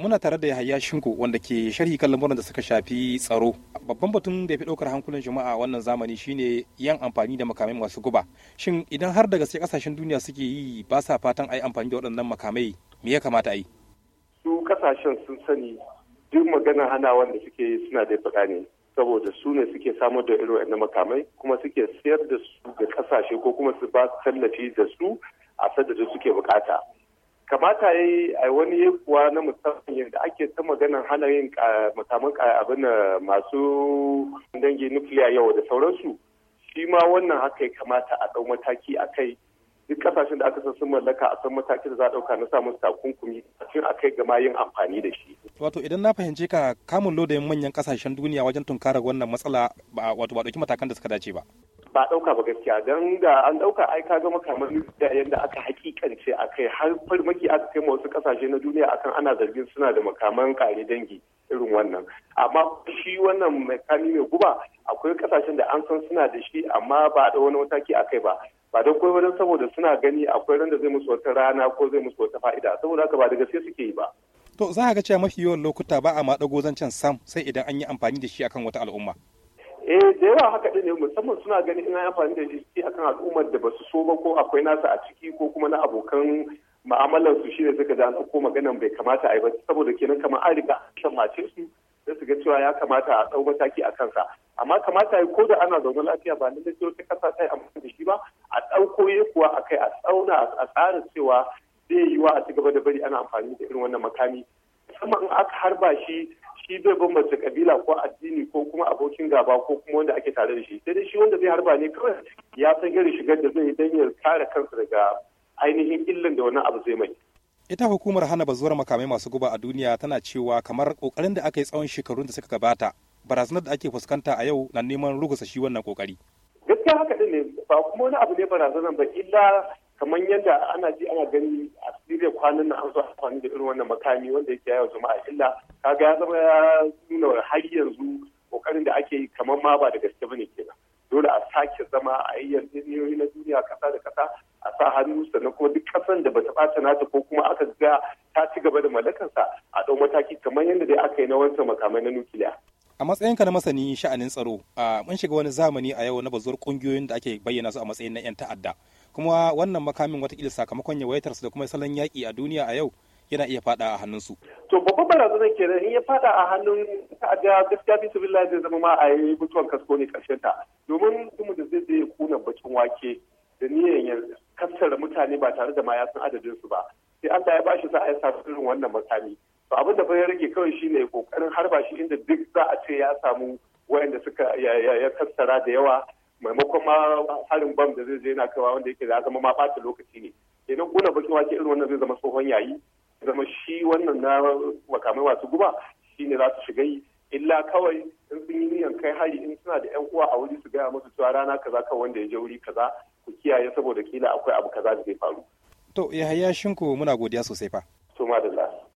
muna tare da Yahaya Shinko wanda ke sharhi kan lamuran da suka shafi tsaro. Babban batun da ya fi ɗaukar hankulan jama'a wannan zamani shine yan amfani da makamai masu guba. Shin idan har da gaske kasashen duniya suke yi ba sa fatan a yi amfani da waɗannan makamai me ya kamata a yi? Su kasashen sun sani duk maganar hana wanda suke yi suna da faɗa ne saboda su ne suke samar da irin na makamai kuma suke sayar da su ga kasashe ko kuma su ba tallafi da su a sadda da suke bukata. kamata ya yi a wani yankuwa na musamman yadda ake ta maganar hana yin makaman abin masu dangi nukiliya yau da sauransu shi ma wannan haka ya kamata a ɗau mataki a kai duk kasashen da aka san sun mallaka a san mataki da za a ɗauka na samun takunkumi a a kai gama yin amfani da shi. Wato idan na fahimce ka kamun lodayin manyan kasashen duniya wajen tunkarar wannan matsala ba wato ba ɗauki matakan da suka dace ba. ba ɗauka ba gaskiya don da an ɗauka ai ka gama kamar da yadda aka hakikance a kai har farmaki aka kai wasu kasashe na duniya akan ana zargin suna da makaman kare dangi irin wannan amma shi wannan makami mai guba akwai kasashen da an san suna da shi amma ba da wani mataki a kai ba ba don kai wani saboda suna gani akwai randa zai musu wata rana ko zai musu wata fa'ida saboda haka ba da gaske suke yi ba to za ka ga cewa mafi yawan lokuta ba a ma zancen sam sai idan an yi amfani da shi akan wata al'umma eh da yawa haka din ne musamman suna ganin ina amfani da shi akan al'ummar da basu so ba ko akwai nasa a ciki ko kuma na abokan mu'amalar su shine suka da an ko maganan bai kamata a yi ba saboda kenan kamar an riga an mace su da su ga cewa ya kamata a dau mataki akan sa amma kamata ya ko da ana zaune lafiya ba lallai sai wata kasa ta yi amfani da shi ba a ɗauko ya kuwa a kai a tsauna a tsarin cewa zai yi wa a ci gaba da bari ana amfani da irin wannan makami musamman aka harba shi shi bai bambanta kabila ko addini ko kuma abokin gaba ko kuma wanda ake tare da shi sai dai shi wanda zai harba ne kawai ya san irin shigar da zai yi ya kare kansa daga ainihin illan da wani abu zai mai ita hukumar hana bazuwar makamai masu guba a duniya tana cewa kamar kokarin da aka yi tsawon shekarun da suka gabata barazanar da ake fuskanta a yau na neman rugusa shi wannan kokari gaskiya haka din ne ba kuma wani abu ne barazanar ba illa kamar yadda ana ji ana gani a siriya kwanan na an zo amfani da irin wannan makami wanda yake yawa jama'a illa kaga ya zama ya nuna har yanzu kokarin da ake yi kamar ma ba da gaske bane kenan dole a sake zama a yi yarjejeniyoyi na duniya kasa da kasa a sa hannu sannan kuma duk kasan da bata bata nata ko kuma aka ga ta ci gaba da mallakarsa a ɗau mataki kamar yadda dai aka yi na wancan makamai na nukiliya. a matsayinka na masani sha'anin tsaro a mun shiga wani zamani a yau na bazuwar kungiyoyin da ake bayyana su a matsayin na 'yan ta'adda kuma wannan makamin watakila sakamakon su da kuma salon yaƙi a duniya a yau yana iya fada a hannunsu. To babban barazana nan in ya fada a hannun ga gaskiya bi billahi zai zama ma a yi mutuwar kasko ne karshen ta domin mutumin da zai je kuna bakin wake da niyan ya kassara mutane ba tare da ma ya san adadin su ba sai Allah ya bashi sa a yi irin wannan makami to abin da ya rage kawai shine kokarin harba shi inda duk za a ce ya samu wayanda suka ya kassara da yawa maimakon ma harin bam da zai je na kawa wanda yake da zama ma bata lokaci ne kenan kuna bakin wake irin wannan zai zama tsohon yayi zama shi wannan na makamai masu guba shi ne za su shiga yi illa kawai in sun yi niyan kai hari in suna da yan uwa a wuri su gaya musu cewa rana kaza kan wanda ya je wuri kaza ku kiyaye saboda kila akwai abu kaza da zai faru to yahaya shinku muna godiya sosai fa to madalla